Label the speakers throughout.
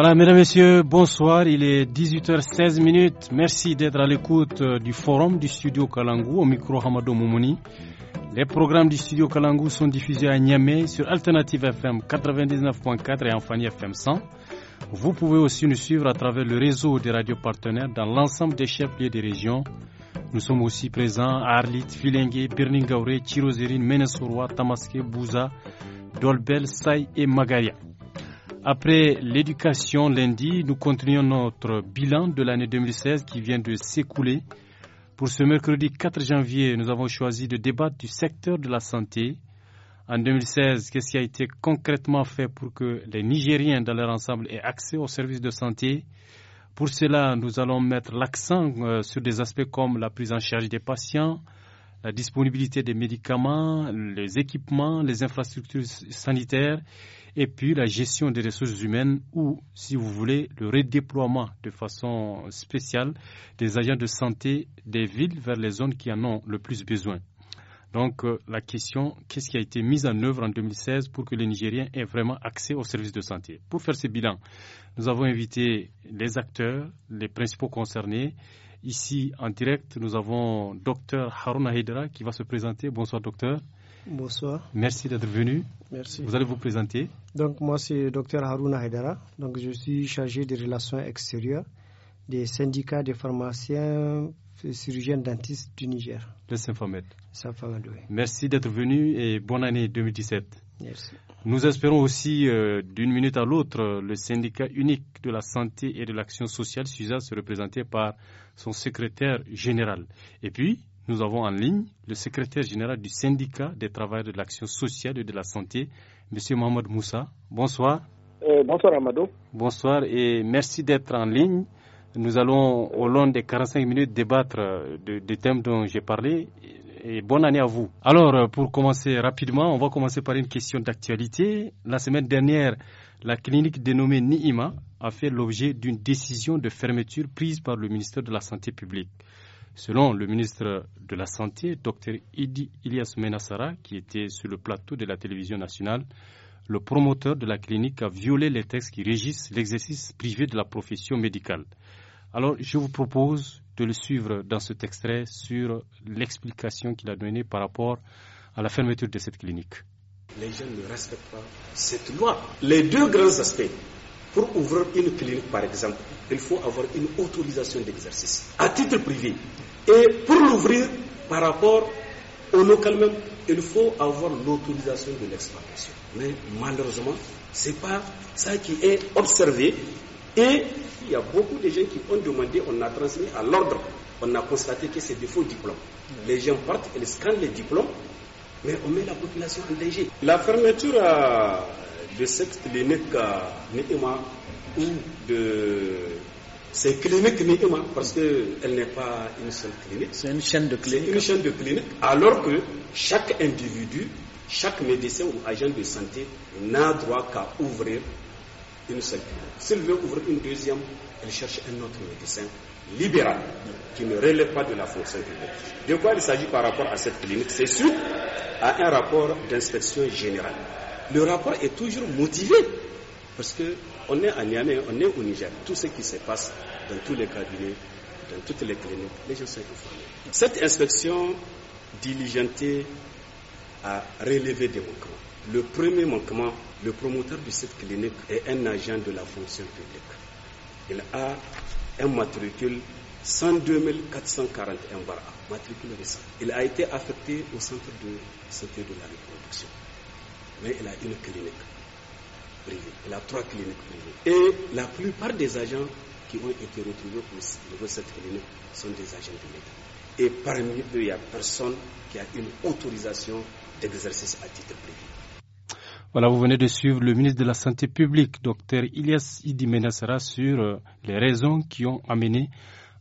Speaker 1: Voilà, mesdames, messieurs, bonsoir. Il est 18h16 minutes. Merci d'être à l'écoute euh, du forum du studio Kalangou au micro Hamado Moumouni. Les programmes du studio Kalangou sont diffusés à Niamey sur Alternative FM 99.4 et en Fanny FM 100. Vous pouvez aussi nous suivre à travers le réseau des radios partenaires dans l'ensemble des chefs-lieux des régions. Nous sommes aussi présents à Arlit, Filengue, Birningaure, Chirozérine, Menesoroa, Tamaské, Bouza, Dolbel, Saï et Magaria. Après l'éducation lundi, nous continuons notre bilan de l'année 2016 qui vient de s'écouler. Pour ce mercredi 4 janvier, nous avons choisi de débattre du secteur de la santé. En 2016, qu'est-ce qui a été concrètement fait pour que les Nigériens dans leur ensemble aient accès aux services de santé Pour cela, nous allons mettre l'accent euh, sur des aspects comme la prise en charge des patients, la disponibilité des médicaments, les équipements, les infrastructures sanitaires et puis la gestion des ressources humaines ou, si vous voulez, le redéploiement de façon spéciale des agents de santé des villes vers les zones qui en ont le plus besoin. Donc euh, la question, qu'est-ce qui a été mis en œuvre en 2016 pour que les Nigériens aient vraiment accès aux services de santé Pour faire ce bilan, nous avons invité les acteurs, les principaux concernés ici en direct. Nous avons docteur Harouna Hidra qui va se présenter. Bonsoir docteur.
Speaker 2: Bonsoir.
Speaker 1: Merci d'être venu. Merci. Vous allez vous présenter.
Speaker 2: Donc moi c'est docteur Haruna Hidra. Donc je suis chargé des relations extérieures des syndicats des pharmaciens et chirurgiens dentistes du Niger.
Speaker 1: Le Merci d'être venu et bonne année 2017. Merci. Nous espérons aussi, euh, d'une minute à l'autre, euh, le syndicat unique de la santé et de l'action sociale, se représenter par son secrétaire général. Et puis, nous avons en ligne le secrétaire général du syndicat des travailleurs de l'action sociale et de la santé, Monsieur Mohamed Moussa. Bonsoir. Euh,
Speaker 3: bonsoir, Amado.
Speaker 1: Bonsoir et merci d'être en ligne. Nous allons, au long des 45 minutes, débattre des thèmes dont j'ai parlé et bonne année à vous. Alors, euh, pour commencer rapidement, on va commencer par une question d'actualité. La semaine dernière, la clinique dénommée Niima a fait l'objet d'une décision de fermeture prise par le ministère de la Santé publique. Selon le ministre de la Santé, Dr Idi Ilyas Menassara, qui était sur le plateau de la télévision nationale, le promoteur de la clinique a violé les textes qui régissent l'exercice privé de la profession médicale. Alors, je vous propose de le suivre dans cet extrait sur l'explication qu'il a donnée par rapport à la fermeture de cette clinique.
Speaker 4: Les jeunes ne respectent pas cette loi. Les deux grands aspects. Pour ouvrir une clinique, par exemple, il faut avoir une autorisation d'exercice à titre privé. Et pour l'ouvrir par rapport au local même, il faut avoir l'autorisation de l'exploitation. Mais malheureusement, ce n'est pas ça qui est observé et il y a beaucoup de gens qui ont demandé, on a transmis à l'ordre, on a constaté que c'est des faux diplômes. Les gens partent, ils scannent les diplômes, mais on met la population en danger. La fermeture euh, de cette clinique c'est euh, ou de ces cliniques parce qu'elle n'est pas une seule clinique. C'est une chaîne de cliniques. une chaîne de cliniques, alors que chaque individu, chaque médecin ou agent de santé n'a droit qu'à ouvrir une seule S'il veut ouvrir une deuxième, elle cherche un autre médecin libéral qui ne relève pas de la fonction publique. De quoi il s'agit par rapport à cette clinique C'est sûr, à un rapport d'inspection générale. Le rapport est toujours motivé parce qu'on est à Niamey, on est au Niger. Tout ce qui se passe dans tous les cabinets, dans toutes les cliniques, les gens sont informés. Cette inspection diligentée a relevé des manquements. Le premier manquement, le promoteur de cette clinique est un agent de la fonction publique. Il a un matricule 102 441 bar A, matricule récent. Il a été affecté au centre de santé de la reproduction. Mais il a une clinique privée. Il a trois cliniques privées. Et la plupart des agents qui ont été retrouvés pour cette clinique sont des agents de Et parmi eux, il n'y a personne qui a une autorisation d'exercice à titre privé.
Speaker 1: Voilà, vous venez de suivre le ministre de la Santé publique, docteur Ilyas Idimenasara, sur euh, les raisons qui ont amené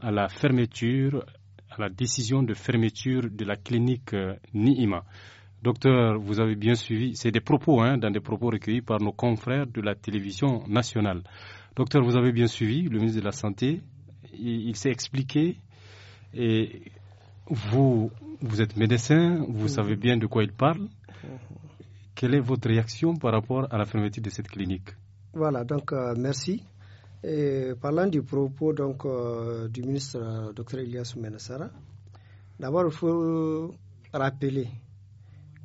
Speaker 1: à la fermeture, à la décision de fermeture de la clinique euh, Niima. Docteur, vous avez bien suivi, c'est des propos, hein, dans des propos recueillis par nos confrères de la télévision nationale. Docteur, vous avez bien suivi le ministre de la Santé, il s'est expliqué et vous, vous êtes médecin, vous savez bien de quoi il parle. Mm-hmm. Quelle est votre réaction par rapport à la fermeture de cette clinique
Speaker 2: Voilà, donc euh, merci. parlant du propos donc, euh, du ministre euh, Dr Elias Menassara, d'abord il faut rappeler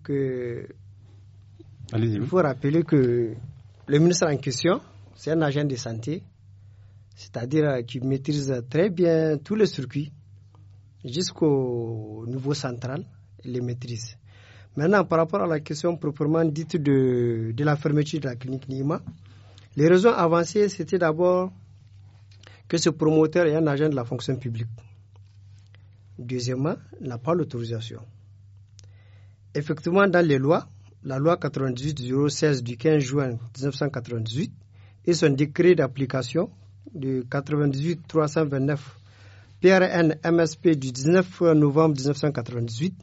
Speaker 2: que il faut rappeler que le ministre en question, c'est un agent de santé, c'est-à-dire qui maîtrise très bien tous les circuits jusqu'au niveau central, il les maîtrise. Maintenant, par rapport à la question proprement dite de, de la fermeture de la clinique Nima, les raisons avancées, c'était d'abord que ce promoteur est un agent de la fonction publique. Deuxièmement, n'a pas l'autorisation. Effectivement, dans les lois, la loi 98-016 du 15 juin 1998 et son décret d'application du 98-329 PRN-MSP du 19 novembre 1998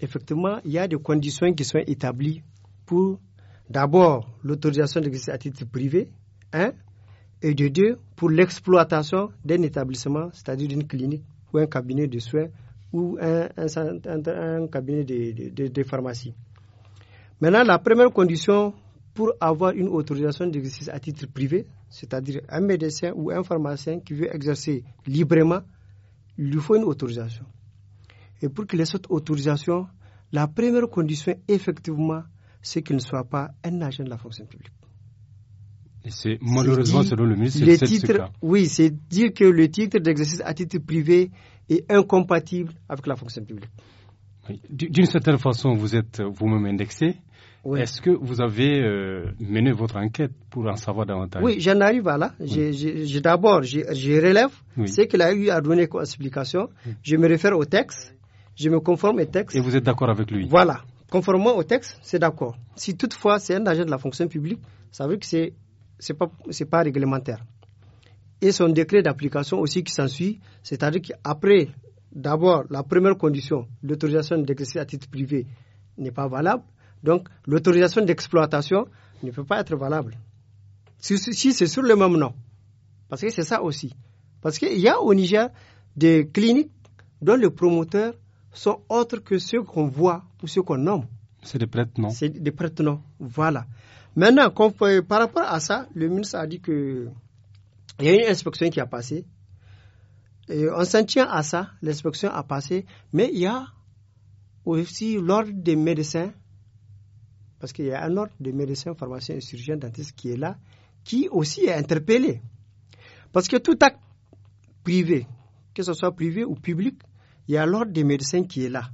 Speaker 2: effectivement, il y a des conditions qui sont établies pour d'abord l'autorisation d'exercice à titre privé, un, hein, et de deux, pour l'exploitation d'un établissement, c'est-à-dire d'une clinique ou un cabinet de soins ou un, cabinet de, de, de, pharmacie. Maintenant, la première condition pour avoir une autorisation d'exercice à titre privé, c'est-à-dire un médecin ou un pharmacien qui veut exercer librement, il lui faut une autorisation. Et pour qu'il ait cette autorisation, la première condition, effectivement, c'est qu'il ne soit pas un agent de la fonction publique.
Speaker 1: Et c'est malheureusement, selon le ministre, c'est ce
Speaker 2: Oui, c'est dire que le titre d'exercice à titre privé est incompatible avec la
Speaker 1: fonction publique. Oui. D'une certaine façon, vous êtes vous-même indexé. Est-ce que vous avez euh, mené votre enquête pour en savoir davantage Oui,
Speaker 2: j'en arrive à là. D'abord, je, relève oui. ce qu'il a eu à donner explication. Je me réfère au texte je me conforme au texte.
Speaker 1: Et vous êtes d'accord avec lui
Speaker 2: Voilà. Conformément au texte, c'est d'accord. Si toutefois c'est un agent de la fonction publique, ça veut que c'est n'est pas, pas réglementaire. Et son décret d'application aussi qui s'ensuit, c'est-à-dire qu'après, d'abord, la première condition, l'autorisation d'exercer à titre privé n'est pas valable, donc l'autorisation d'exploitation ne peut pas être valable. Si, si c'est sur le même nom, parce que c'est ça aussi. Parce qu'il y a au Niger des cliniques dont le promoteur sont autres que ceux qu'on voit ou ceux qu'on nomme. C'est des prêtres, non C'est des prêtres, non. Voilà. Maintenant, par rapport à ça, le ministre a dit que y a une inspection qui a passé. on s'en tient à ça, l'inspection a passé, mais il y a aussi l'ordre des médecins, parce qu'il y a un ordre des médecins, pharmaciens, chirurgiens, dentistes qui est là, qui aussi est interpellé. Parce que tout acte privé, que ce soit privé ou public, il y a l'ordre des médecins qui est là.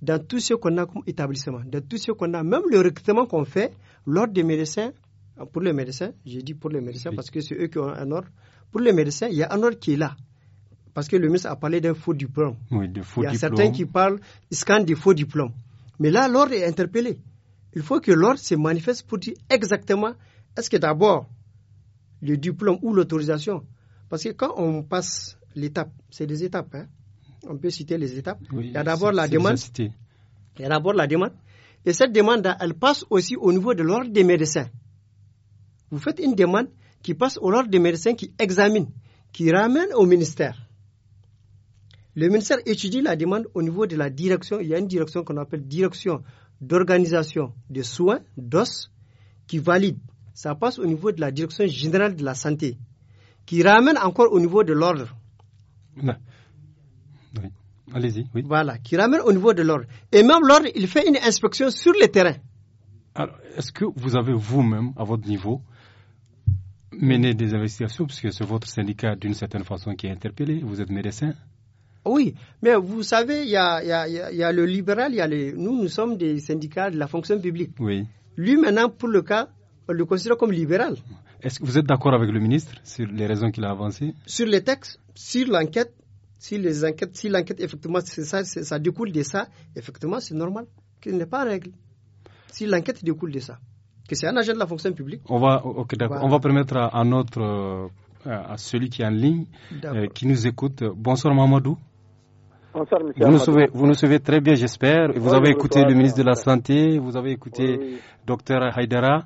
Speaker 2: Dans tout ce qu'on a comme établissement, dans tout ce qu'on a, même le recrutement qu'on fait, l'ordre des médecins, ah, pour les médecins, j'ai dit pour les médecins parce que c'est eux qui ont un ordre, pour les médecins, il y a un ordre qui est là. Parce que le ministre a parlé d'un faux diplôme.
Speaker 1: Oui, de faux il y a certains qui
Speaker 2: parlent, ils scannent des faux diplômes. Mais là, l'ordre est interpellé. Il faut que l'ordre se manifeste pour dire exactement est-ce que d'abord le diplôme ou l'autorisation Parce que quand on passe l'étape, c'est des étapes, hein, on peut citer les étapes.
Speaker 1: il y a d'abord la demande. Il
Speaker 2: y a d'abord la demande. Et cette demande, elle passe aussi au niveau de l'ordre des médecins. Vous faites une demande qui passe au l'ordre des médecins qui examine, qui ramène au ministère. Le ministère étudie la demande au niveau de la direction. Il y a une direction qu'on appelle direction d'organisation de soins d'os qui valide. Ça passe au niveau de la direction générale de la santé, qui ramène encore au niveau de l'ordre.
Speaker 1: Oui. Allez-y.
Speaker 2: Voilà, qui ramène au niveau de l'ordre. Et même l'ordre, il fait une inspection sur le terrain.
Speaker 1: Alors, est-ce que vous avez vous-même, à votre niveau, mené des investigations, puisque c'est votre syndicat, d'une certaine façon, qui est interpellé, vous êtes médecin oui, mais vous savez,
Speaker 2: il y a, le libéral, y nous, nous sommes des syndicats de la fonction publique. Oui. Lui, maintenant, pour le cas, on le considère comme libéral.
Speaker 1: Est-ce que vous êtes d'accord avec le ministre sur les raisons qu'il a avancées
Speaker 2: Sur les textes, sur l'enquête, si les enquêtes, si l'enquête effectivement ça, découle de ça, effectivement c'est normal qu'il n'est pas règle. Si l'enquête découle de ça, que c'est un agent de la fonction publique.
Speaker 1: On va, on va permettre à, notre euh, à celui qui est en ligne, euh, qui nous écoute. Bonsoir Mamadou. Bonsoir, vous, nous vous, nous suivez, très bien, j'espère. Vous avez écouté le ministre de la Santé, vous avez écouté le docteur Haidara.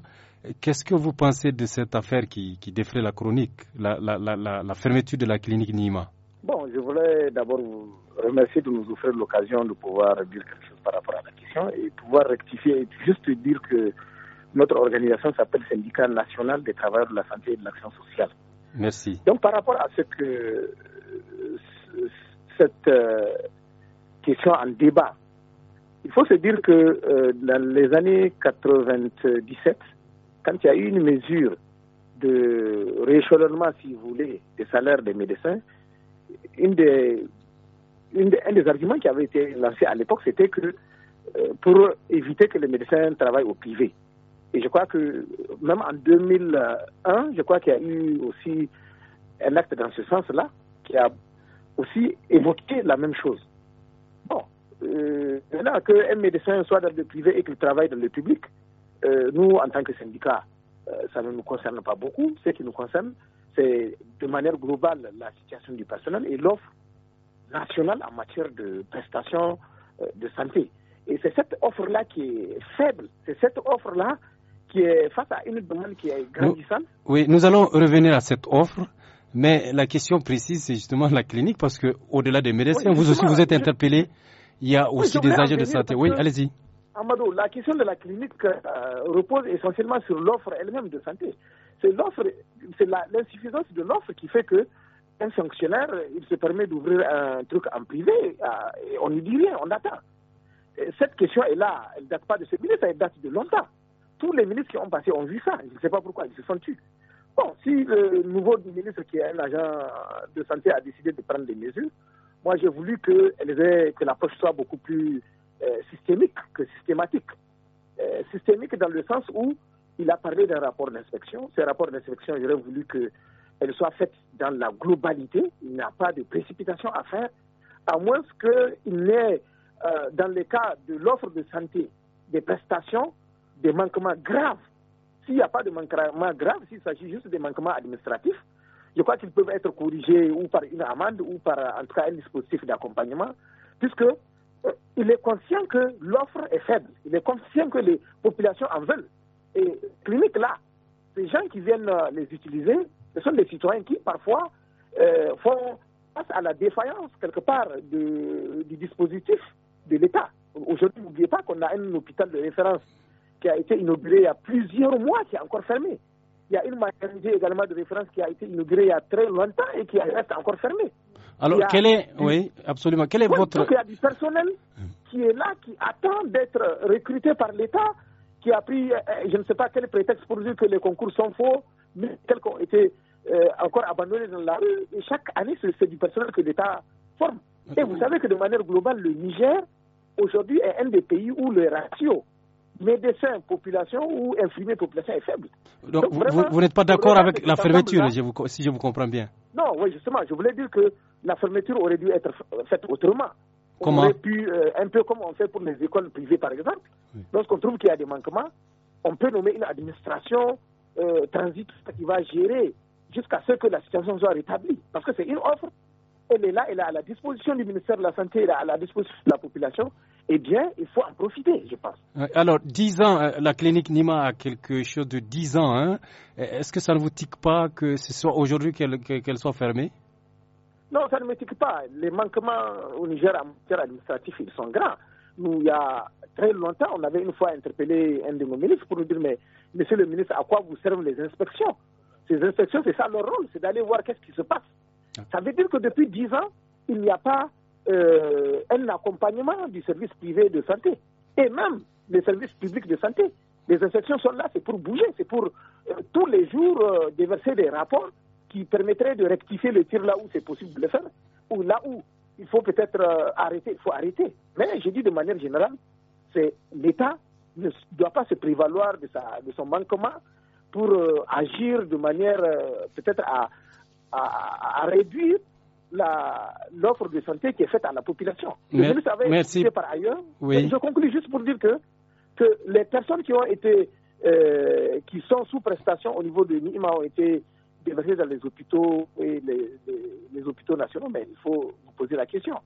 Speaker 1: Qu'est-ce que vous pensez de cette affaire qui, défrait la chronique, la, la fermeture de la clinique Nima
Speaker 3: Bon, je voulais d'abord vous remercier de nous offrir l'occasion de pouvoir dire quelque chose par rapport à la question et pouvoir rectifier et juste dire que notre organisation s'appelle Syndicat national des travailleurs de la santé et de l'action sociale. Merci. Donc par rapport à ce que cette euh, question en débat, il faut se dire que euh, dans les années 97, quand il y a eu une mesure de rééchelonnement, si vous voulez, des salaires des médecins, un des arguments qui avait été lancé à l'époque, c'était que euh, pour éviter que les médecins travaillent au privé. Et je crois que même en 2001, je crois qu'il y a eu aussi un acte dans ce sens-là qui a aussi évoqué la même chose. Bon, euh, maintenant qu'un médecin soit dans le privé et qu'il travaille dans le public, euh, nous, en tant que syndicat, euh, ça ne nous concerne pas beaucoup. Ce qui nous concerne, de manière globale la situation du personnel et l'offre nationale en matière de prestations euh, de santé. Et c'est cette offre-là qui est faible, c'est cette offre-là qui est face à une demande qui est grandissante.
Speaker 1: oui, nous allons revenir à cette offre. Mais la question précise, c'est justement la clinique, parce que au-delà des médecins, vous aussi vous êtes interpellé. Il y a aussi des agents de santé. Oui, allez-y.
Speaker 3: Amadou, la question de la clinique euh, repose essentiellement sur l'offre elle-même de santé. C'est l'offre, c'est l'insuffisance de l'offre qui fait que un fonctionnaire, il se permet d'ouvrir un truc en privé, euh, et on n'y dit rien, on attend. cette question est là, elle date pas de ce ministre, elle date de longtemps. Tous les ministres qui ont passé ont vu ça, je ne sais pas pourquoi, ils se sont tués. Bon, si le nouveau ministre qui est un agent de santé a décidé de prendre des mesures, moi j'ai voulu que, que l'approche soit beaucoup plus euh, systémique que systématique. Euh, systémique dans le sens où il a parlé d'un rapport d'inspection. Ce rapport d'inspection, j'aurais voulu elle soit faite dans la globalité. Il n'y a pas de précipitation à faire, à moins qu'il n'ait, euh, dans le cas de l'offre de santé, des prestations, des manquements graves. S'il n'y a pas de manquements graves, s'il s'agit juste des manquements administratifs, je crois qu'ils peuvent être corrigés ou par une amende ou par, en un dispositif d'accompagnement, puisque euh, il est conscient que l'offre est faible. Il est conscient que les populations en veulent. Et clinique là, ces gens qui viennent euh, les utiliser, ce sont des citoyens qui parfois euh, font face à la défaillance quelque part du dispositif de l'État. Aujourd'hui, n'oubliez pas qu'on a un hôpital de référence qui a été inauguré il y a plusieurs mois, qui est encore fermé. Il y a une maternité également de référence qui a été inaugurée il y a très longtemps et qui reste encore fermée. Alors, quel est, oui,
Speaker 1: absolument, quel est votre... il y a
Speaker 3: du personnel qui est là, qui attend d'être recruté par l'État, qui a pris, euh, euh, je ne sais pas quel prétexte pour dire que les concours sont faux, mais tels ont été euh, encore abandonnés dans la rue. Et chaque année, c'est du personnel que l'État forme. Et vous savez que de manière globale, le Niger, aujourd'hui, est un des pays où le ratio médecins population ou infirmiers population est faible. Donc, vous, n'êtes pas d'accord avec la fermeture,
Speaker 1: si je vous comprends bien
Speaker 3: Non, oui, justement, je voulais dire que la fermeture aurait dû être faite autrement. on aurait pu, euh, un peu comme on fait pour les écoles privées, par exemple. Lorsqu'on trouve qu'il y a des manquements, on peut nommer une administration euh, transit qui va gérer jusqu'à ce que la situation soit rétablie. Parce que c'est une offre elle est là, elle est à la disposition du ministère de la Santé, elle est à la disposition de la population, eh bien, il faut en profiter, je pense.
Speaker 1: Alors, 10 ans, euh, la clinique Nima a quelque chose de 10 ans. Hein. Est-ce que ça ne vous tique pas que ce soit aujourd'hui qu'elle soit fermée
Speaker 3: Non, ça ne me tique pas. Les manquements au Niger en matière administrative, ils sont grands. Nous, il y a très longtemps, on avait une fois interpellé un de nos ministres pour nous dire, mais monsieur le ministre, à quoi vous servent les inspections Ces inspections, c'est ça leur rôle, c'est d'aller voir qu'est-ce qui se passe. Ça veut dire que depuis 10 ans, il n'y a pas euh, un accompagnement du service privé de santé. Et même des services publics de santé. Les inspections sont là, c'est pour bouger, c'est pour euh, tous les jours euh, déverser des rapports qui permettraient de rectifier le tir là où c'est possible de le faire, ou là où il faut peut-être arrêter, il faut arrêter. Mais je dis de manière générale, c'est l'État ne doit pas se prévaloir de, sa, de son manquement pour agir de manière peut-être à à, réduire l'offre de santé qui est faite à la population. vous merci. par ailleurs. Je conclue juste pour dire que, que les personnes qui ont été euh, qui sont sous prestation au niveau de NIMA ont été déversées dans les hôpitaux et les, hôpitaux nationaux, mais il faut vous poser la question.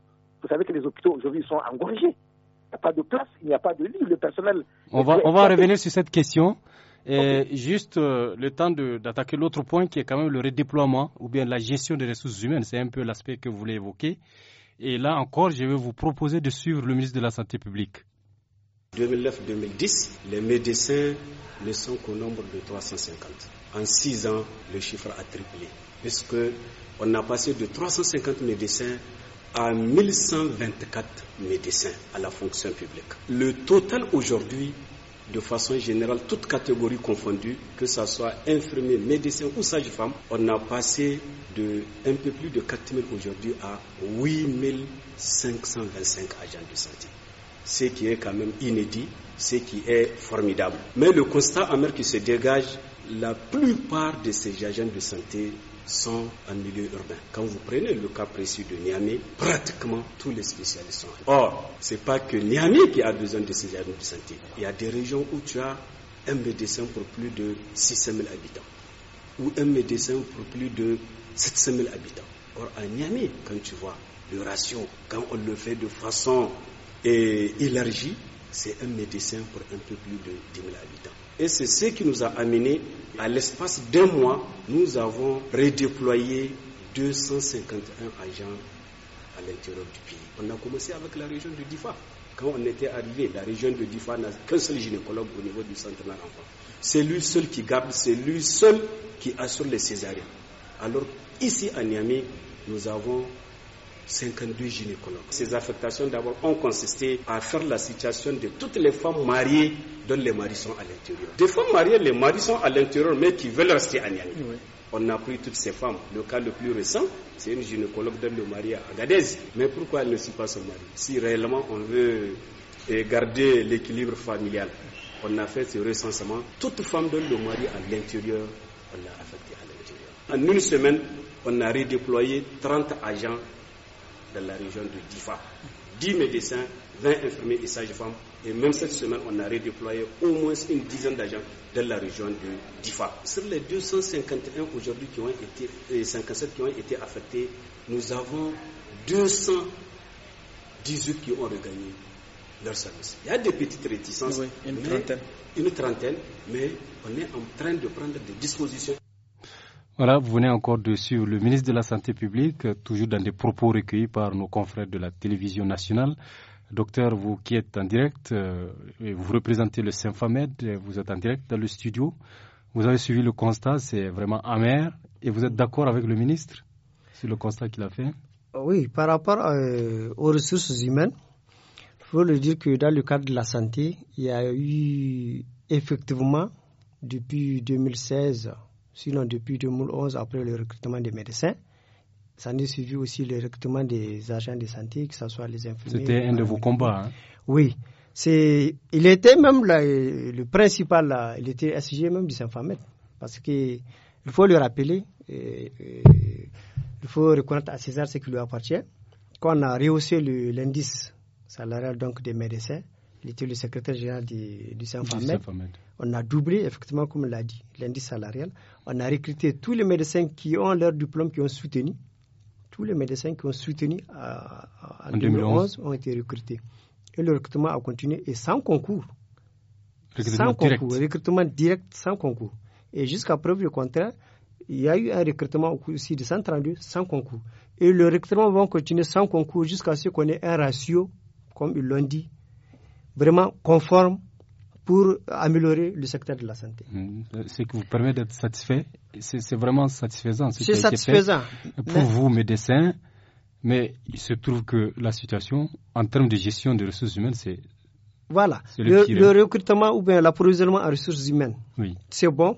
Speaker 3: Vous savez que les hôpitaux aujourd'hui sont engorgés. Il n'y a pas de place, il n'y a pas de livre le personnel.
Speaker 1: On va, on va revenir sur cette question juste euh, le temps d'attaquer l'autre point qui est quand même le redéploiement ou bien la gestion des ressources humaines. C'est un peu l'aspect que vous voulez évoquer. Et là encore, je vais vous proposer de suivre le ministre de la Santé publique.
Speaker 4: 2009-2010, les médecins ne sont qu'au nombre de 350. En 6 ans, le chiffre a triplé, puisque on a passé de 350 médecins à 1124 médecins à la fonction publique. Le total aujourd'hui de façon générale, toutes catégories confondues, que ce soit infirmiers, médecins ou sages-femmes, on a passé de un peu plus de 4 000 aujourd'hui à 8 525 agents de santé. Ce qui est quand même inédit, ce qui est formidable. Mais le constat amer qui se dégage, la plupart de ces agents de santé sont en milieu urbain. Quand vous prenez le cas précis de Niamey, pratiquement tous les spécialistes sont là. Or, ce n'est pas que Niamey qui a besoin de ces agents de santé. Il y a des régions où tu as un médecin pour plus de 600 000 habitants, ou un médecin pour plus de 700 000 habitants. Or, à Niamey, quand tu vois le ratio, quand on le fait de façon élargie, c'est un médecin pour un peu plus de 10 000 habitants. Et c'est ce qui nous a amené, à l'espace d'un mois, nous avons redéployé 251 agents à l'intérieur du pays. On a commencé avec la région de Difa. Quand on était arrivé, la région de Difa n'a qu'un seul gynécologue au niveau du centre de l'enfant. C'est lui seul qui garde, c'est lui seul qui assure les césariens. Alors, ici à Niamey, nous avons 52 gynécologues. Ces affectations d'abord ont consisté à faire la situation de toutes les femmes mariées dont les maris sont à l'intérieur. Des femmes mariées, les maris sont à l'intérieur mais qui veulent rester à Niamey. On a pris toutes ces femmes. Le cas le plus récent, c'est une gynécologue dont le mari à Agadez. Mais pourquoi elle ne suit pas son mari Si réellement on veut eh, garder l'équilibre familial, on a fait ce recensement. Toute femme dont le mari est à l'intérieur, on l'a affectée à l'intérieur. En une semaine, on a redéployé 30 agents dans la région de Difa. 10 médecins, 20 infirmiers et sages-femmes. Et même cette semaine, on a redéployé au moins une dizaine d'agents de la région de Difa. Sur les 251 aujourd'hui qui ont été, et euh, 57 qui ont été affectés, nous avons 218 qui ont regagné leur service. Il y a des petites réticences. Une trentaine, mais on est en train de prendre des dispositions.
Speaker 1: Voilà, vous venez encore de le ministre de la Santé publique, toujours dans des propos recueillis par nos confrères de la télévision nationale. Docteur, vous qui êtes en direct, euh, vous représentez le Symphamed, vous êtes en direct dans le studio. Vous avez suivi le constat, c'est vraiment amer. Et vous êtes d'accord avec le ministre sur le constat qu'il a fait
Speaker 2: Oui, par rapport euh, aux ressources humaines, il faut le dire que dans le cadre de la santé, il y a eu effectivement, depuis 2016, sinon depuis 2011, après le recrutement des médecins, ça nous suivi aussi le recrutement des agents de santé, que ce soit les infirmiers. C'était un de vos combats. Hein? Oui. C'est, il était même le principal, il était SG même du Saint-Famet. Parce qu'il faut le rappeler, il faut reconnaître à César ce qui lui appartient. Quand on a rehaussé l'indice salarial donc des médecins, il était le secrétaire général du, saint saint On a doublé, effectivement, comme l'a dit, l'indice salarial. On a recruté tous les médecins qui ont leur diplôme, qui ont soutenu. Tous les médecins qui ont soutenu à, euh, euh, en 2011 ont été recrutés. Et le recrutement a continué et sans concours. sans concours. Recrutement direct sans concours. Et jusqu'à preuve du contraire, il y a eu un recrutement aussi de 132 sans concours. Et le recrutement va continuer sans concours jusqu'à ce qu'on ait un ratio, comme ils l'ont dit, vraiment conforme pour améliorer le secteur de
Speaker 1: la santé. Hum, ce qui vous permet d'être satisfait, c'est vraiment satisfaisant. C'est satisfaisant. Pour vous, médecins, mais il se trouve que la situation, en termes de gestion des ressources humaines, c'est. Voilà. Le, hein.
Speaker 2: recrutement ou bien l'approvisionnement en ressources humaines, oui. c'est bon.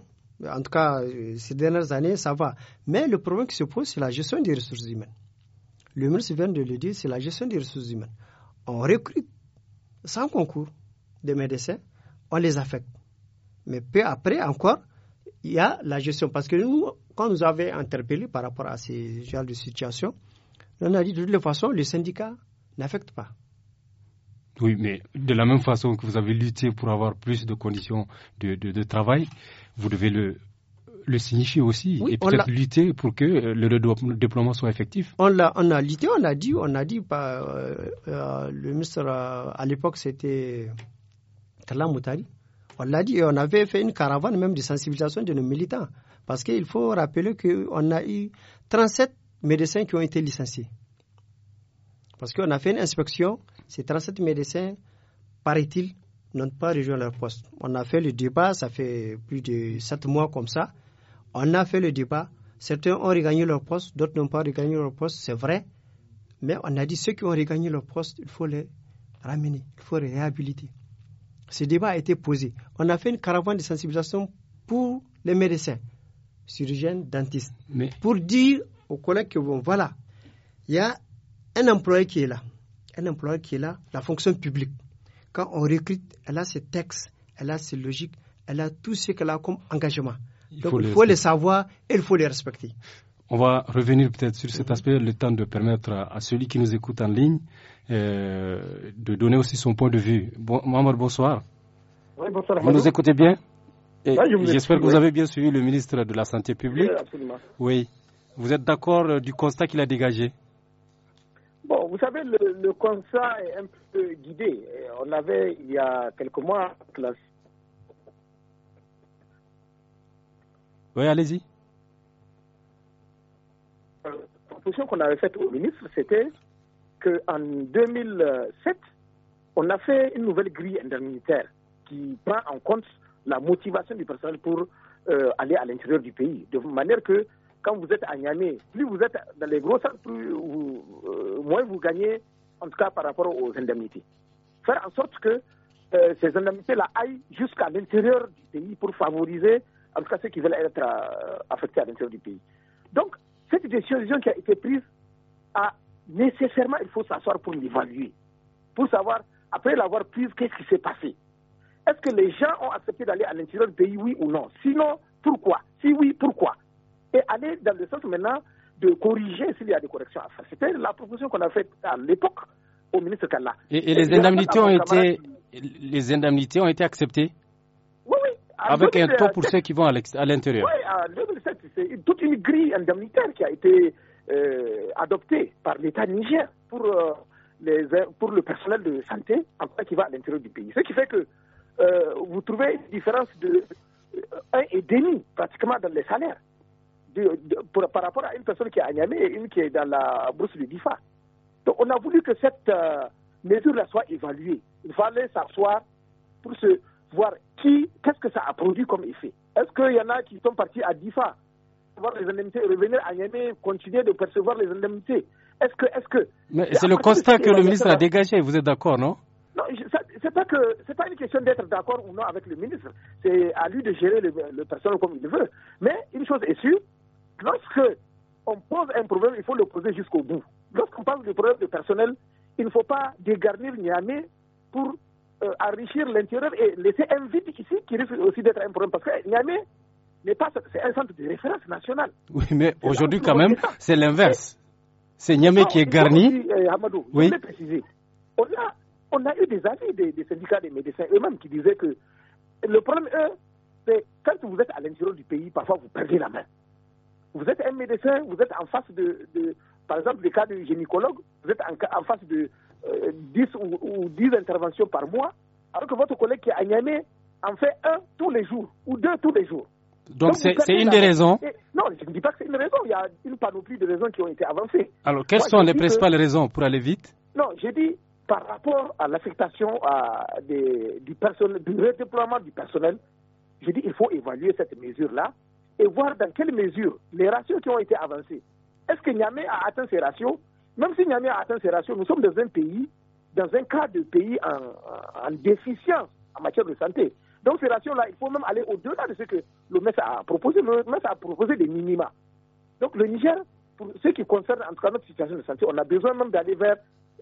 Speaker 2: En tout cas, euh, ces dernières années, ça va. Mais le problème qui se pose, c'est la gestion des ressources humaines. Le ministre vient de le dire, c'est la gestion des ressources humaines. On recrute sans concours de médecins, on les affecte. Mais peu après encore, il y a la gestion. Parce que nous, quand nous avons interpellé par rapport à ces genre de situation, on a dit de toute façon, le syndicat n'affecte pas.
Speaker 1: Oui, mais de la même façon que vous avez lutté pour avoir plus de conditions de travail, vous devez le le signifie aussi et peut-être lutter pour que euh, le déploiement soit effectif.
Speaker 2: On a, on a lutté, on a dit, on a dit, euh, euh, le ministre à l'époque c'était Talam Moutari. On l'a dit et on avait fait une caravane même de sensibilisation de nos militants. Parce qu'il faut rappeler qu'on a eu 37 médecins qui ont été licenciés. Parce qu'on a fait une inspection, ces 37 médecins, paraît-il, n'ont pas rejoint leur poste. On a fait le débat, ça fait plus de 7 mois comme ça. On a fait le débat. Certains ont regagné leur poste, d'autres n'ont pas regagné leur poste, c'est vrai. Mais on a dit ceux qui ont regagné leur poste, il faut les ramener, il faut les réhabiliter. Ce débat a été posé. On a fait une caravane de sensibilisation pour les médecins, chirurgiens, dentistes, Mais... pour dire aux collègues que bon, voilà, il y a un employé qui est là, un employé qui est là, la fonction publique. Quand on recrute, elle a ses textes, elle a ses logiques, elle a tout ce qu'elle a comme engagement. Il faut il les, savoir et il faut les respecter.
Speaker 1: On va revenir peut-être sur cet aspect, le temps de permettre à celui qui nous écoute en ligne euh, de donner aussi son point de vue. Bon, Mohamed, bonsoir. Oui, bonsoir. Vous nous écoutez bien oui, J'espère que vous avez bien suivi le ministre de la Santé publique. Oui, absolument. Oui. Vous êtes d'accord euh, du constat qu'il a dégagé
Speaker 3: Bon, vous savez, le, le, constat est un peu guidé. On avait, il y a quelques mois, la. Oui, allez-y. Euh, la proposition qu'on avait faite au ministre, c'était qu'en 2007, on a fait une nouvelle grille indemnitaire qui prend en compte la motivation du personnel pour euh, aller à l'intérieur du pays. De manière que quand vous êtes à Niamey, plus vous êtes dans les gros euh, moins vous gagnez, en tout cas par rapport aux indemnités. Faire en sorte que ces indemnités-là aillent jusqu'à l'intérieur du pays pour favoriser en tout cas ceux qui veulent être euh, affectés à l'intérieur du pays. Donc, cette décision qui a été prise a nécessairement, il faut s'asseoir pour l'évaluer, pour savoir, après l'avoir prise, qu'est-ce qui s'est passé. Est-ce que les gens ont accepté d'aller à l'intérieur du pays, oui ou non Sinon, pourquoi Si oui, pourquoi Et aller dans le sens maintenant de corriger s'il y a des corrections à faire. C'était la proposition qu'on a faite à l'époque au ministre Kalla. Et, et, les, indemnités ont été,
Speaker 1: les indemnités ont été acceptées
Speaker 3: ah, Avec un taux pour ceux
Speaker 1: qui vont à l'intérieur. Oui,
Speaker 3: en 2007, c'est toute une grille indemnitaire qui a été euh, adoptée par l'État nigérien pour, euh, les, euh, pour le personnel de santé qui va à l'intérieur du pays. Ce qui fait que vous trouvez une différence de 1,5 pratiquement dans les salaires par rapport à une personne qui est à Niamey et une qui est dans la brousse de DIFA. Donc on a voulu que cette mesure-là soit évaluée. Il fallait s'asseoir pour se voir qui, qu'est-ce que ça a produit comme effet. Est-ce qu'il y en a qui sont partis à DIFA, avoir les indemnités, revenir à Niamey, continuer de percevoir les indemnités Est-ce que. Est -ce que Mais c'est le constat que le ministre a
Speaker 1: dégagé, vous êtes d'accord, non
Speaker 3: Non, c'est pas pas une question d'être d'accord ou non avec le ministre. C'est à lui de gérer le, personnel comme il veut. Mais une chose est sûre, lorsque on pose un problème, il faut le poser jusqu'au bout. Lorsqu'on parle de problème de personnel, il ne faut pas dégarnir Niamey pour euh, enrichir l'intérieur et laisser un vide ici qui risque aussi d'être un problème. Parce que Niamey pas. C'est un centre de référence national.
Speaker 1: Oui, mais aujourd'hui, quand même, c'est l'inverse. C'est Niamey qui est garni. Aussi,
Speaker 3: euh, oui. je voulais préciser. On a, on a eu des avis des, syndicats des médecins eux-mêmes qui disaient que le problème, c'est quand vous êtes à l'intérieur du pays, parfois vous perdez la main. Vous êtes un médecin, vous êtes en face de, de par exemple, le cas de gynécologue, vous êtes en face de, 10 euh, ou, 10 interventions par mois, alors que votre collègue qui est à Niamey en fait un tous les jours ou deux tous les jours. Donc c'est une des raisons Non, je ne dis pas que c'est une raison. Il y a une panoplie de raisons qui ont été avancées. Alors quelles sont les principales
Speaker 1: raisons pour aller vite
Speaker 3: Non, j'ai dit par rapport à l'affectation du, personnel, du redéploiement du personnel, j'ai dit il faut évaluer cette mesure-là et voir dans quelle mesure les ratios qui ont été avancés. Est-ce que Niamey a atteint ces ratios même si Niamey a atteint ces ratios, nous sommes dans un pays, dans un cas de pays en, déficience en matière de santé. Donc ces ratios-là, il faut même aller au-delà de ce que le MES a proposé. Le MES a proposé des minima. Donc le Niger, pour ce qui concerne en tout cas notre situation de santé, on a besoin même d'aller vers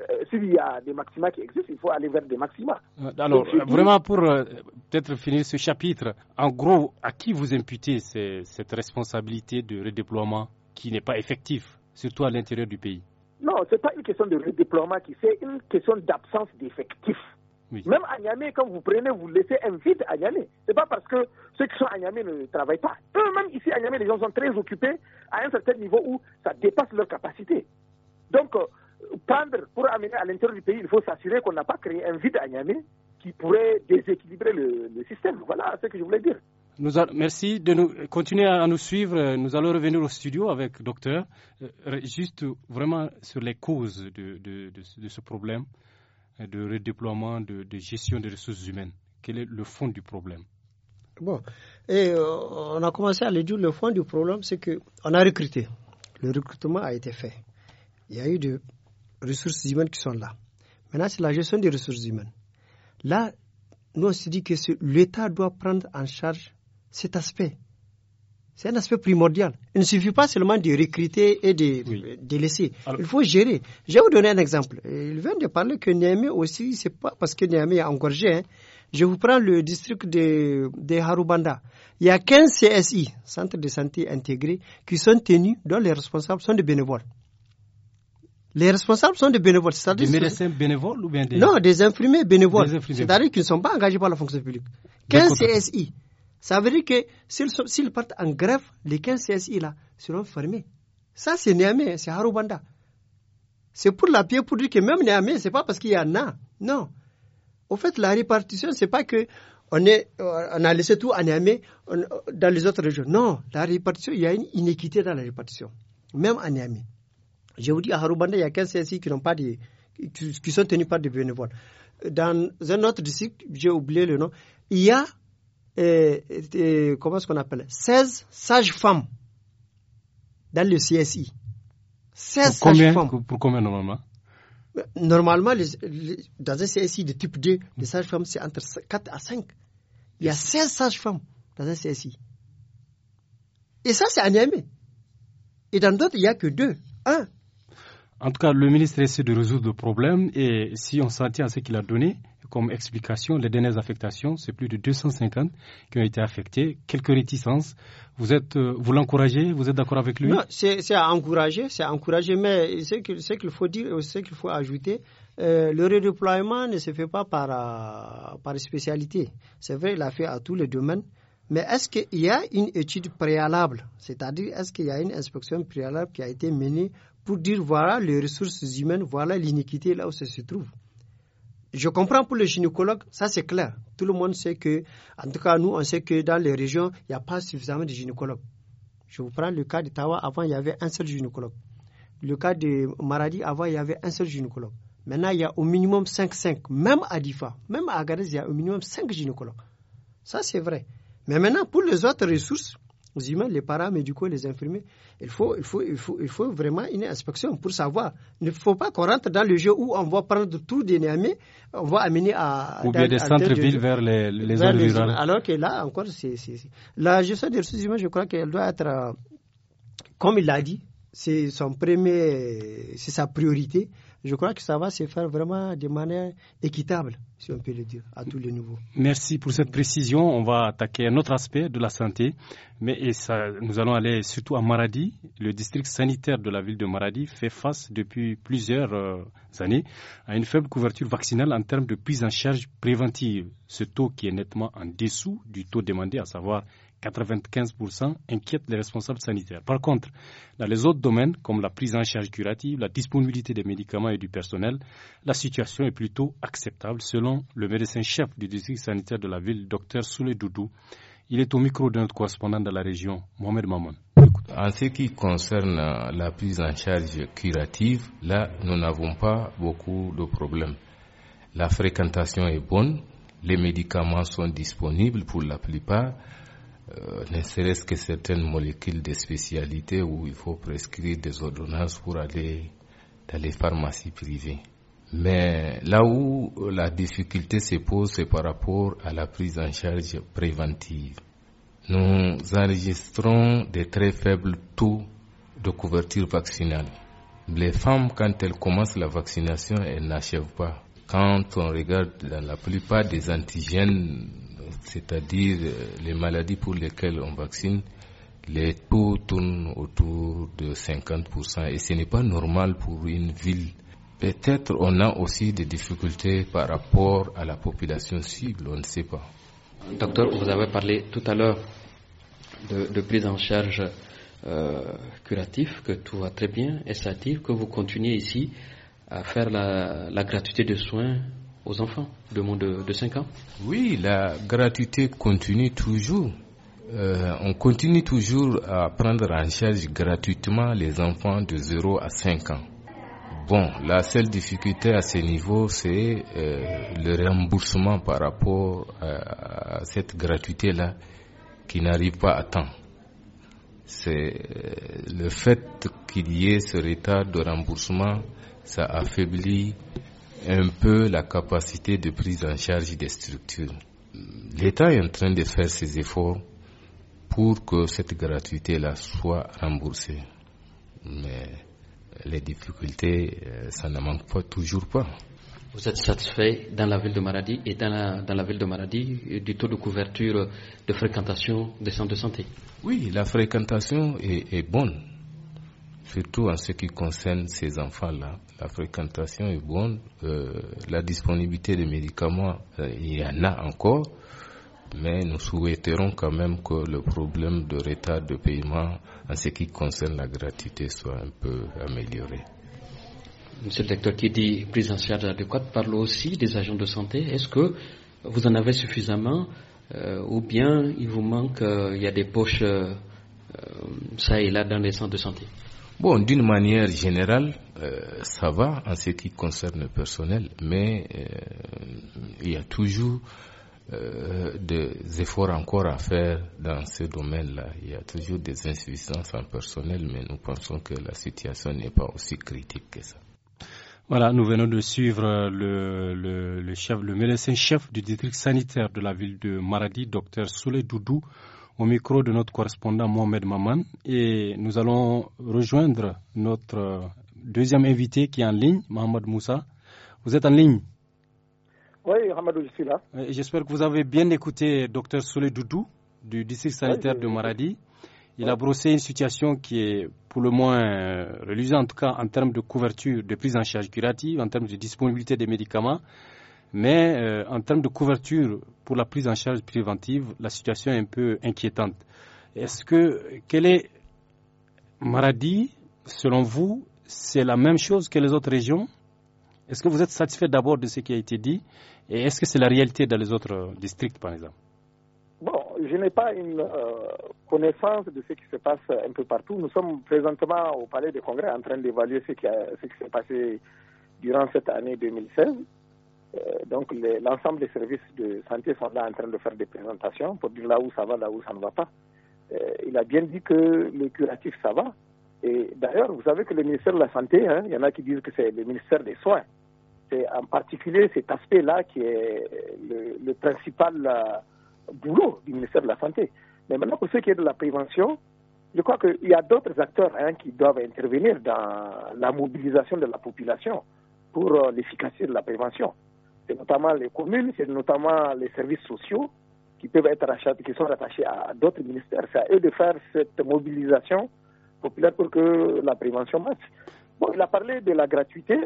Speaker 3: euh, s'il y a des maxima qui existent, il faut aller vers des maxima. Euh, alors, vraiment, pour euh,
Speaker 1: peut-être finir ce chapitre, en gros, à qui vous imputez cette responsabilité de redéploiement qui n'est pas effectif,
Speaker 3: surtout à l'intérieur du pays non, ce n'est pas une question de redéploiement, qui c'est une question d'absence d'effectifs. Même à Niamey, quand vous prenez, vous laissez un vide à Niamey. Ce n'est pas parce que ceux qui sont à Niamey ne travaillent pas. Eux-mêmes, ici à Niamey, les gens sont très occupés à un certain niveau où ça dépasse leur capacité. Donc, euh, pour amener à l'intérieur du pays, il faut s'assurer qu'on n'a pas créé un vide à Niamey qui pourrait déséquilibrer le, le système. Voilà ce que je voulais dire
Speaker 1: merci de continuer à nous suivre. Nous allons revenir au studio avec le docteur, euh, juste vraiment sur les causes de, ce problème de redéploiement, de, gestion des ressources humaines. Quel est le fond du problème Bon,
Speaker 2: et euh, on a commencé à le dire. Le fond du problème, c'est que
Speaker 1: a recruté. Le
Speaker 2: recrutement a été fait. Il y a eu des ressources humaines qui sont là. Maintenant, c'est la gestion des ressources humaines. Là, nous on se dit que l'État doit prendre en charge cet aspect. C'est un aspect primordial. Il ne suffit pas seulement de recruter et de, laisser. il faut gérer. Je vais vous donner un exemple. Il vient de parler que Niamey aussi, c'est pas parce que Niamey est engorgé. Hein. Je vous prends le district de, de, Harubanda. Il y a 15 CSI, centres de santé intégrés, qui sont tenus, dont les responsables sont des bénévoles. Les responsables sont des bénévoles. Des médecins
Speaker 1: bénévoles ou bien des... Non,
Speaker 2: des infirmiers bénévoles. C'est-à-dire qu'ils ne sont pas engagés par la fonction publique. 15 CSI. Ça veut dire que s'ils partent en grève, les 15 CSI là seront fermés. Ça, c'est Niamey, c'est Harubanda. C'est pour la pierre pour dire que même Niamey, c'est pas parce qu'il y en a. Non. Au fait, la répartition, c'est pas que on, est, euh, a laissé tout à Niamey euh, dans les autres régions. Non, la répartition, il y a une inéquité dans la répartition, même à Niamey. Je vous dis, à Harubanda, il y a 15 CSI qui n'ont pas qui, qui sont tenus par des bénévoles. Dans un autre district, j'ai oublié le nom, il y a et, comment est-ce qu'on appelle 16 sages-femmes dans le CSI. 16
Speaker 1: sages-femmes. Pour, combien normalement
Speaker 2: Normalement, dans un CSI de type 2, les sages-femmes, c'est entre 4 à 5. Il y a 16 sages-femmes dans un CSI. Et ça, c'est à Et dans d'autres, il n'y a que 2
Speaker 1: 1 en tout cas, le ministre essaie de résoudre le problème et si on s'en tient à ce qu'il a donné comme explication, les dernières affectations, c'est plus de 250 qui ont été affectées. Quelques réticences. Vous êtes, euh, vous l'encouragez Vous êtes d'accord avec lui Non,
Speaker 2: c'est à encourager, c'est à encourager. Mais ce qu'il faut dire, ce qu'il faut ajouter, euh, le redéploiement ne se fait pas par, euh, par spécialité. C'est vrai, il l'a fait à tous les domaines. Mais est-ce qu'il y a une étude préalable C'est-à-dire, est-ce qu'il y a une inspection préalable qui a été menée pour dire voilà les ressources humaines, voilà l'iniquité là où ça se trouve. Je comprends pour le gynécologue, ça c'est clair. Tout le monde sait que, en tout cas nous, on sait que dans les régions, il n'y a pas suffisamment de gynécologues. Je vous prends le cas de Tawa, avant il y avait un seul gynécologue. Le cas de Maradi, avant il y avait un seul gynécologue. Maintenant, il y a au minimum 5-5, même à Difa, même à Agadez, il y a au minimum 5 gynécologues. Ça c'est vrai. Mais maintenant, pour les autres ressources, humains, les paramédicaux, les infirmiers. Il faut, il, faut, il, faut, il faut vraiment une inspection pour savoir. Il ne faut pas qu'on rentre dans le jeu où on va prendre tout des néamés, on va amener à. Ou bien des centres-villes vers
Speaker 1: les, les vers zones rurales.
Speaker 2: Alors que là, encore, c'est. La gestion des ressources humaines, je crois qu'elle doit être, euh, comme il l'a dit, c'est son premier, c'est sa priorité je crois que ça va se faire vraiment de manière équitable, si on peut le dire, à tous les niveaux.
Speaker 1: Merci pour cette précision. On va attaquer un autre aspect de la santé, mais nous allons aller surtout à Maradi. Le district sanitaire de la ville de Maradi fait face depuis plusieurs euh, années à une faible couverture vaccinale en termes de prise en charge préventive. Ce taux qui est nettement en dessous du taux demandé, à savoir 95% inquiètent les responsables sanitaires. Par contre, dans les autres domaines, comme la prise en charge curative, la disponibilité des médicaments et du personnel, la situation est plutôt acceptable selon le médecin-chef du district sanitaire de la ville, Dr Soule Doudou. Il est au micro de notre correspondant de la région, Mohamed Mamoun. En ce qui concerne la prise
Speaker 5: en charge curative, là, nous n'avons pas beaucoup de problèmes. La fréquentation est bonne, les médicaments sont disponibles pour la plupart, euh, ne serait-ce que certaines molécules de spécialité où il faut prescrire des ordonnances pour aller dans les pharmacies privées. Mais là où la difficulté se pose, c'est par rapport à la prise en charge préventive. Nous enregistrons des très faibles taux de couverture vaccinale. Les femmes, quand elles commencent la vaccination, elles n'achèvent pas. Quand on regarde dans la plupart des antigènes c'est-à-dire euh, les maladies pour lesquelles on vaccine, les taux tournent autour de 50% et ce n'est pas normal pour une ville. Peut-être on a aussi des difficultés par rapport à la population cible, on ne sait pas. Docteur, vous avez parlé tout à l'heure de, prise en charge euh, curative, que tout va très bien, et ça dire que vous continuez ici à faire la, la gratuité de soins aux enfants de moins de, de 5 ans Oui, la gratuité continue toujours. Euh, on continue toujours à prendre en charge gratuitement les enfants de 0 à 5 ans. Bon, la seule difficulté à ce niveau, c'est euh, le remboursement par rapport euh, à, cette gratuité-là qui n'arrive pas à temps. C'est le fait qu'il y ait ce retard de remboursement, ça affaiblit un peu la capacité de prise en charge des structures. L'État est en train de faire ses efforts pour que cette gratuité-là soit remboursée. Mais les difficultés, euh, ça ne manque pas toujours pas. Vous êtes satisfait dans la ville de Maradi et dans la, ville de Maradi euh, du taux de couverture de fréquentation des centres de santé Oui, la fréquentation est bonne surtout en ce qui concerne ces enfants-là. La fréquentation est bonne, euh, la disponibilité des médicaments, euh, il y en a encore, mais nous souhaiterons quand même que le problème de retard de paiement en ce qui concerne la gratuité soit un peu amélioré. Monsieur le docteur, qui dit prise en charge adéquate parle aussi des agents de santé. Est-ce que vous en avez suffisamment euh, ou bien il vous manque, il y a des poches ça et là dans les centres de santé Bon, d'une manière générale, euh, ça va en ce qui concerne le personnel, mais euh, il y a toujours euh, des efforts encore à faire dans ce domaine-là. Il y a toujours des insuffisances en personnel, mais nous pensons que la situation n'est pas aussi critique que ça.
Speaker 1: Voilà, nous venons de suivre le, chef, le médecin-chef du district sanitaire de la ville de Maradi, docteur Soule Doudou au micro de notre correspondant Mohamed Maman et nous allons rejoindre notre deuxième invité qui est en ligne, Mohamed Moussa. Vous êtes en ligne
Speaker 3: Oui, Hamadou, je
Speaker 1: euh, J'espère que vous avez bien écouté docteur Soule Doudou du district sanitaire de Maradi. Il a brossé une situation qui est pour le moins euh, reluisante, en tout cas en termes de couverture, de prise en charge curative, en termes de disponibilité des médicaments, mais euh, en termes de couverture pour la prise en charge préventive, la situation est un peu inquiétante. Est-ce que quelle est Maradi, selon vous, c'est la même chose que les autres régions Est-ce que vous êtes satisfait d'abord de ce qui a été dit Et est-ce que c'est la réalité dans les autres districts, par exemple
Speaker 3: Bon, je n'ai pas une euh, connaissance de ce qui se passe un peu partout. Nous sommes présentement au Palais des Congrès en train d'évaluer ce qui s'est passé durant cette année 2016. Euh, donc l'ensemble des services de santé sont là en train de faire des présentations pour dire là où ça va, là où ça ne va pas. Euh, il a bien dit que le curatif, ça va. Et d'ailleurs, vous savez que le ministère de la Santé, hein, il y en a qui disent que c'est le ministère des Soins. C'est en particulier cet aspect-là qui est le, principal euh, boulot du ministère de la Santé. Mais maintenant, pour ce qui est de la prévention, je crois qu'il y a d'autres acteurs hein, qui doivent intervenir dans la mobilisation de la population pour l'efficacité de la prévention c'est notamment les communes, c'est notamment les services sociaux qui peuvent être qui sont rattachés à d'autres ministères. C'est à eux de faire cette mobilisation populaire pour que la prévention marche. Bon, il a parlé de la gratuité.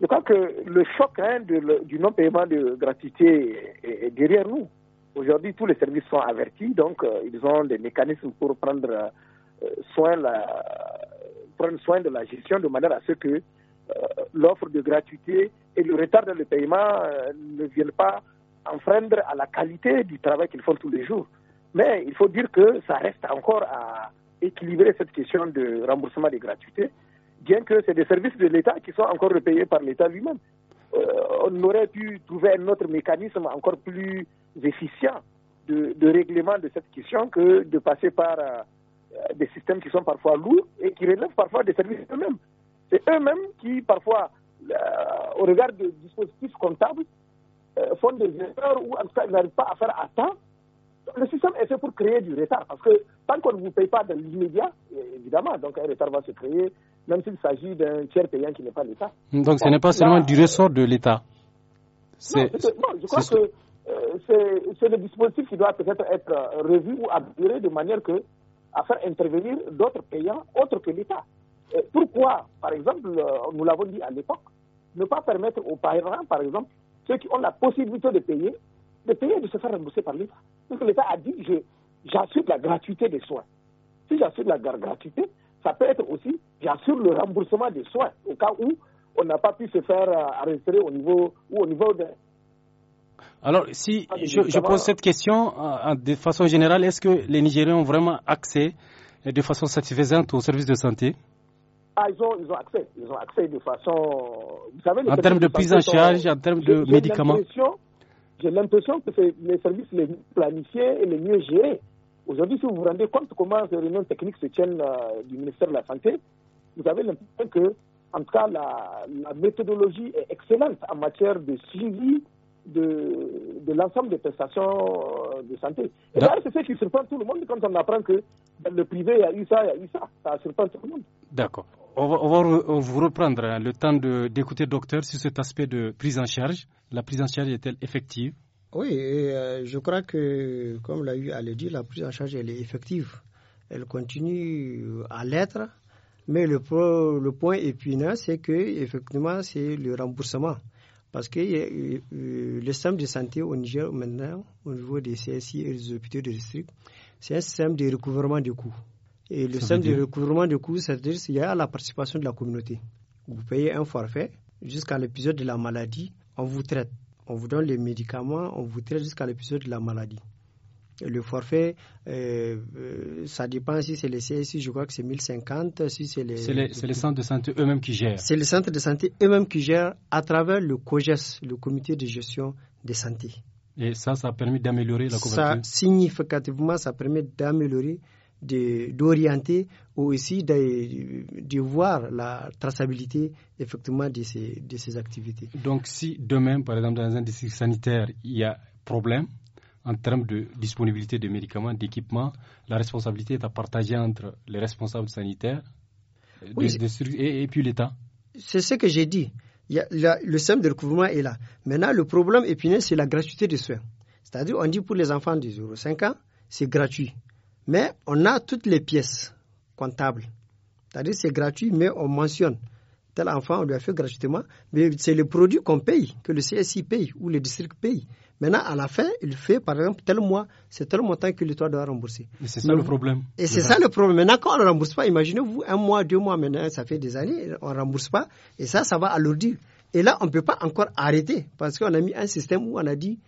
Speaker 3: Je crois que le choc hein, du non-paiement de gratuité est, derrière nous. Aujourd'hui, tous les services sont avertis, donc euh, ils ont des mécanismes pour prendre, euh, soin prendre soin de la gestion de manière à ce que euh, l'offre de gratuité et le retard dans le paiement euh, ne vient pas enfreindre à la qualité du travail qu'ils font tous les jours. Mais il faut dire que ça reste encore à équilibrer cette question de remboursement des gratuités, bien que c'est des services de l'État qui sont encore repayés par l'État lui-même. Euh, on aurait pu trouver un autre mécanisme encore plus efficient de, de règlement de cette question que de passer par euh, des systèmes qui sont parfois lourds et qui relèvent parfois des services eux-mêmes. C'est eux-mêmes qui parfois euh, au regard des dispositifs comptables, euh, font des erreurs ou en tout cas n'arrivent pas à faire à Le système est fait pour créer du retard parce que tant qu'on ne vous paye pas de l'immédiat, évidemment, donc un retard va se créer, même s'il s'agit d'un tiers payant qui n'est pas l'État.
Speaker 1: Donc ce n'est pas seulement du ressort de l'État. Non,
Speaker 3: je crois que euh, c'est le dispositif qui doit peut-être être revu ou amélioré de manière que à faire intervenir d'autres payants autres que l'État. Euh, pourquoi, par exemple, euh, nous l'avons dit à l'époque, ne pas permettre aux parents, par exemple, ceux qui ont la possibilité de payer, de payer et de se faire rembourser par l'État Parce que l'État a dit, j'assure la gratuité des soins. Si j'assure la gratuité, ça peut être aussi, j'assure le remboursement des soins, au cas où on n'a pas pu se faire euh, arrêter au niveau, ou au niveau de...
Speaker 1: Alors, si ah, je, je pose cette question de façon générale, est-ce que les Nigériens ont vraiment accès de façon satisfaisante aux services de santé
Speaker 3: ah, ils ont, accès. Ils ont accès de façon. Vous savez, en termes de prise en charge, en termes de médicaments. J'ai l'impression que c'est les services les planifiés et les mieux gérés. Aujourd'hui, si vous vous rendez compte comment ces réunions techniques se tiennent euh, du ministère de la Santé, vous avez l'impression que, en tout cas, la, méthodologie est excellente en matière de suivi de, l'ensemble des prestations euh, de santé. Et là, c'est ce qui surprend tout le monde quand on apprend que dans le privé, il y a eu ça, il y a eu ça. Ça surprend tout le monde.
Speaker 1: D'accord on va, euh, vous reprendre hein, le temps d'écouter docteur sur cet aspect de prise en charge. La prise en charge est-elle effective
Speaker 2: Oui, euh, je crois que, comme l'a eu à la prise en charge elle est effective. Elle continue euh, à l'être, mais le, le point épineux, c'est que effectivement, c'est le remboursement. Parce que le système de santé au Niger maintenant, au niveau des CSI et des hôpitaux de district, c'est un système de recouvrement des coûts. Et le centre de recouvrement de coûts, c'est-à-dire s'il y a la participation de la communauté. Vous payez un forfait jusqu'à l'épisode de la maladie, on vous traite. On vous donne les médicaments, on vous traite jusqu'à l'épisode de la maladie. le forfait, euh, euh, ça dépend si c'est les CSI, je crois que c'est 1050, si c'est les... C'est les, centres de santé eux-mêmes qui gèrent. C'est les centres de santé eux-mêmes qui gèrent à travers le COGES, le comité de gestion
Speaker 1: des santé. Et ça, ça a permis d'améliorer la couverture Ça,
Speaker 2: significativement, ça permet d'améliorer d'orienter ou aussi de, de, voir la traçabilité effectivement de ces, de ces activités.
Speaker 1: Donc si demain, par exemple, dans un district sanitaire, il y a problème en termes de disponibilité de médicaments, d'équipements, la responsabilité est à partager entre les responsables sanitaires euh, et, puis l'État.
Speaker 2: C'est ce que j'ai dit. Il le système de recouvrement est là. Maintenant, le problème épineux, c'est la gratuité des soins. C'est-à-dire, on dit pour les enfants de 0,5 ans, c'est gratuit. Mais on a toutes les pièces comptables. C'est-à-dire c'est gratuit, mais on mentionne. Tel enfant, on lui a fait gratuitement, mais c'est le produit qu'on paye, que le CSI paye ou le district paye. Maintenant, à la fin, il fait, par exemple, tel mois, c'est tel montant que l'État doit rembourser. Mais c'est ça le problème. Et c'est ça le problème. Maintenant, quand on ne rembourse pas, imaginez-vous, un mois, deux mois, maintenant, ça fait des années, on ne rembourse pas, et ça, ça va alourdir. Et là, on ne peut pas encore arrêter, parce qu'on a mis un système où on a dit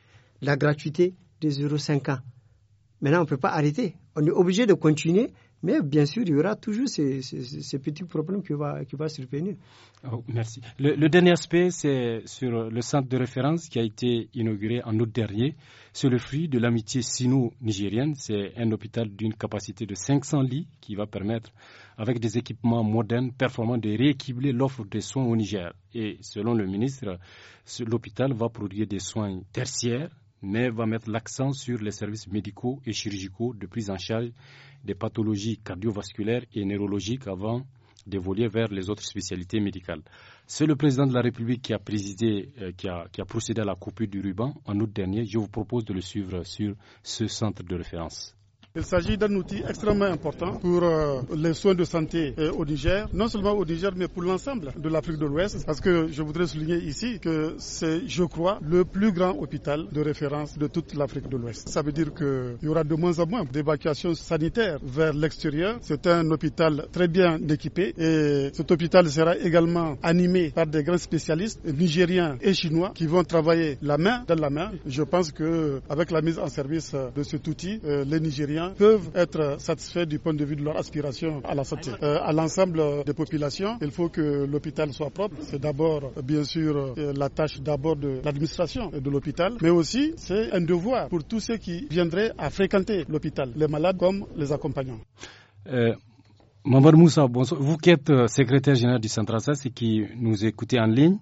Speaker 2: la gratuité de 0,5 ans. Maintenant, on ne peut pas arrêter on est obligé de continuer. Mais bien sûr, il y aura toujours ces, petits problèmes qui vont va
Speaker 1: survenir. Oh, merci. Le, dernier aspect, c'est sur le centre de référence qui a été inauguré en août dernier. C'est le fruit de l'amitié sino-nigérienne. C'est un hôpital d'une capacité de 500 lits qui va permettre, avec des équipements modernes, performants, de rééquilibrer l'offre des soins au Niger. Et selon le ministre, l'hôpital va produire des soins tertiaires mais va mettre l'accent sur les services médicaux et chirurgicaux de prise en charge des pathologies cardiovasculaires et neurologiques avant d'évoluer vers les autres spécialités médicales. C'est le président de la République qui a euh, qui a procédé à la coupure du ruban en août dernier. Je vous propose de le suivre sur ce centre de référence.
Speaker 4: Il s'agit d'un outil extrêmement important pour euh, les soins de santé euh, au Niger, non seulement au Niger, mais pour l'ensemble de l'Afrique de l'Ouest, parce que je voudrais souligner ici que c'est, je crois, le plus grand hôpital de référence de toute l'Afrique de l'Ouest. Ça veut dire qu'il y aura de moins en moins d'évacuations sanitaires vers l'extérieur. C'est un hôpital très bien équipé et cet hôpital sera également animé par des grands spécialistes nigériens et chinois qui vont travailler la main dans la main. Je pense que avec la mise en service euh, de cet outil, les Nigériens peuvent être satisfaits du point de vue de leur aspiration à la santé. Euh, à l'ensemble des populations, il faut que l'hôpital soit propre. C'est d'abord, bien sûr, euh, la tâche d'abord de l'administration de l'hôpital, mais aussi c'est un devoir pour tous ceux qui viendraient à fréquenter l'hôpital, les malades comme les accompagnants.
Speaker 1: Euh... Moussa, Vous qui êtes euh, secrétaire général du Centre Assassin et qui nous écoutez en ligne,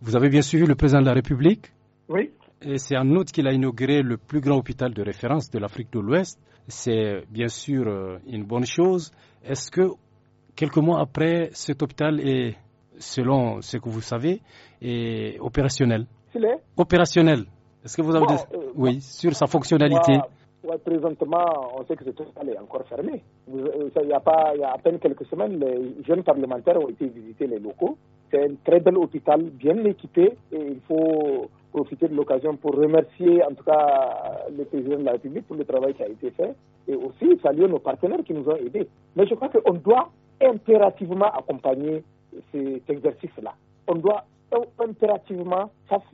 Speaker 1: vous avez bien suivi le président de la République Oui, c'est en août qu'il a inauguré le plus grand hôpital de référence de l'Afrique de l'Ouest. C'est bien sûr euh, une bonne chose. Est-ce que quelques mois après, cet hôpital est, selon ce que vous savez, est opérationnel Il est Opérationnel. Est-ce que vous avez des... Euh, oui, sur sa fonctionnalité.
Speaker 3: présentement, on sait que cet hôpital est encore fermé. Euh, il y, a pas, il y a à peine quelques semaines, les jeunes parlementaires ont été visiter les locaux. C'est un très bel hôpital, bien équipé, et il faut profiter de l'occasion pour remercier en tout cas le président de la République pour le travail qui a été fait et aussi saluer nos partenaires qui nous ont aidés. Mais je crois qu'on doit impérativement accompagner cet exercice-là. On doit impérativement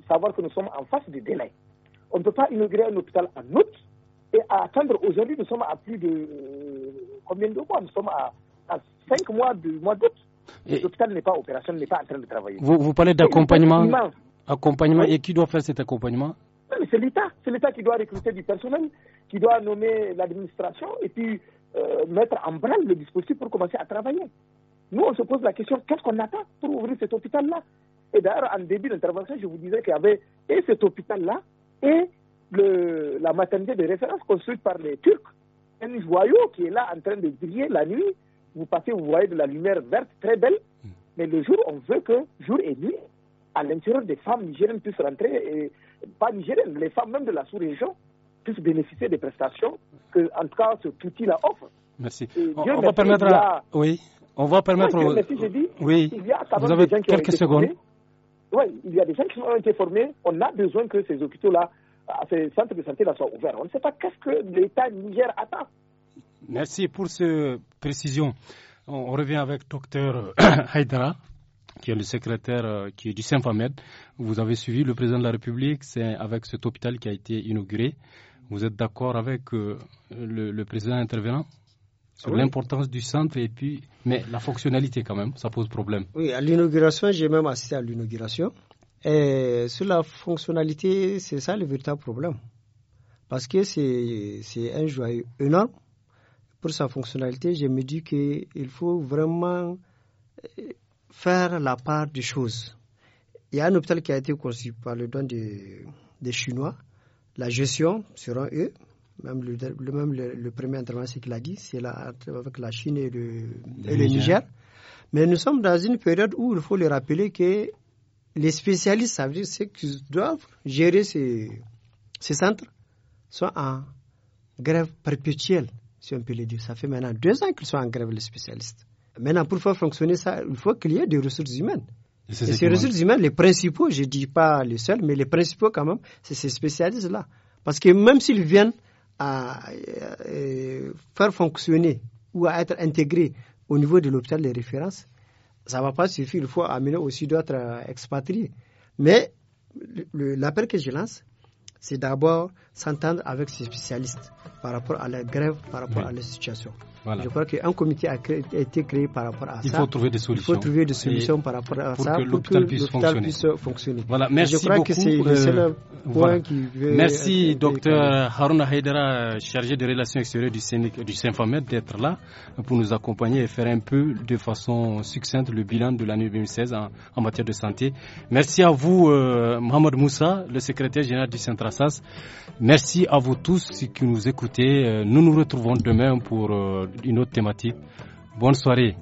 Speaker 3: savoir que nous sommes en face des délais. On ne peut pas inaugurer un hôpital en août et attendre. Aujourd'hui, nous sommes à plus de euh, combien de mois Nous sommes à, 5 mois du mois d'août. L'hôpital n'est pas opérationnel, n'est pas en train de travailler. Vous, vous parlez d'accompagnement
Speaker 1: accompagnement et qui doit faire cet accompagnement
Speaker 3: C'est l'État. C'est l'État qui doit recruter du personnel, qui doit nommer l'administration et puis euh, mettre en branle le dispositif pour commencer à travailler. Nous, on se pose la question qu'est-ce qu'on attend pour ouvrir cet hôpital-là Et d'ailleurs, en début d'intervention, je vous disais qu'il y avait et cet hôpital-là et la maternité de référence construite par les Turcs. Un joyau qui est là en train de briller la nuit. Vous passez, vous voyez de la lumière verte très belle, mm. mais le jour, on veut que jour et nuit, à l'intérieur des femmes nigériennes puissent rentrer, et pas nigériennes, les femmes même de la sous-région puissent bénéficier des prestations que, en tout cas, ce outil-là offre.
Speaker 1: Merci. On, va permettre. Oui, on va permettre. Oui,
Speaker 3: Vous avez quelques secondes. Oui, il y a des gens qui ont été formés. On a besoin que ces hôpitaux-là, ces centres de santé-là soient ouverts. On ne sait pas qu'est-ce que l'État Niger attend.
Speaker 1: Merci pour ces précisions. On revient avec docteur Haïdara qui est le secrétaire euh, qui est du Saint-Famed. Vous avez suivi le président de la République, c'est avec cet hôpital qui a été inauguré. Vous êtes d'accord avec euh, le, président intervenant sur l'importance du centre et puis, mais la fonctionnalité quand même, ça pose problème. Oui, à
Speaker 2: l'inauguration, j'ai même assisté à l'inauguration. Et sur la fonctionnalité, c'est ça le véritable problème. Parce que c'est un joyeux énorme. Pour sa fonctionnalité, je me dis qu'il faut vraiment faire la part des choses. Il y a un hôpital qui a été conçu par le don des, Chinois. La gestion sera eux. Même le, même le, premier intervenant, c'est qu'il a dit, c'est avec la Chine et le, Niger. Mais nous sommes dans une période où il faut le rappeler que les spécialistes, ça veut dire ceux qui doivent gérer ces, ces centres, sont en grève perpétuelle, si on peut le dire. Ça fait maintenant deux ans qu'ils sont en grève, les spécialistes. Maintenant, pour faire fonctionner ça, il faut qu'il y ait des ressources humaines.
Speaker 5: Et, ces ressources
Speaker 2: humaines, les principaux, je ne dis pas les seuls, mais les principaux quand même, c'est ces spécialistes-là. Parce que même s'ils viennent à euh, faire fonctionner ou à être intégrés au niveau de l'hôpital de référence, ça ne va pas suffire. Il faut amener aussi d'autres euh, expatriés. Mais l'appel que je lance, c'est d'abord s'entendre avec ces spécialistes par rapport à la grève, par rapport à la situation. Voilà. Je crois qu'un comité a, été créé par rapport à ça. Il faut trouver des solutions. Il faut trouver des solutions par rapport à pour ça que pour que l'hôpital puisse, fonctionner. Voilà, merci beaucoup, Que c'est le euh, point merci, docteur
Speaker 1: Haruna Haidara, chargé des relations extérieures du, du Saint-Famed, d'être là pour nous accompagner et faire un peu de façon succincte le bilan de l'année 2016 en, matière de santé. Merci à vous, euh, Mohamed Moussa, le secrétaire général du Centre-Assas. Merci à vous tous qui nous écoutez. Euh, nous nous retrouvons demain pour une autre thématique. Bonne soirée.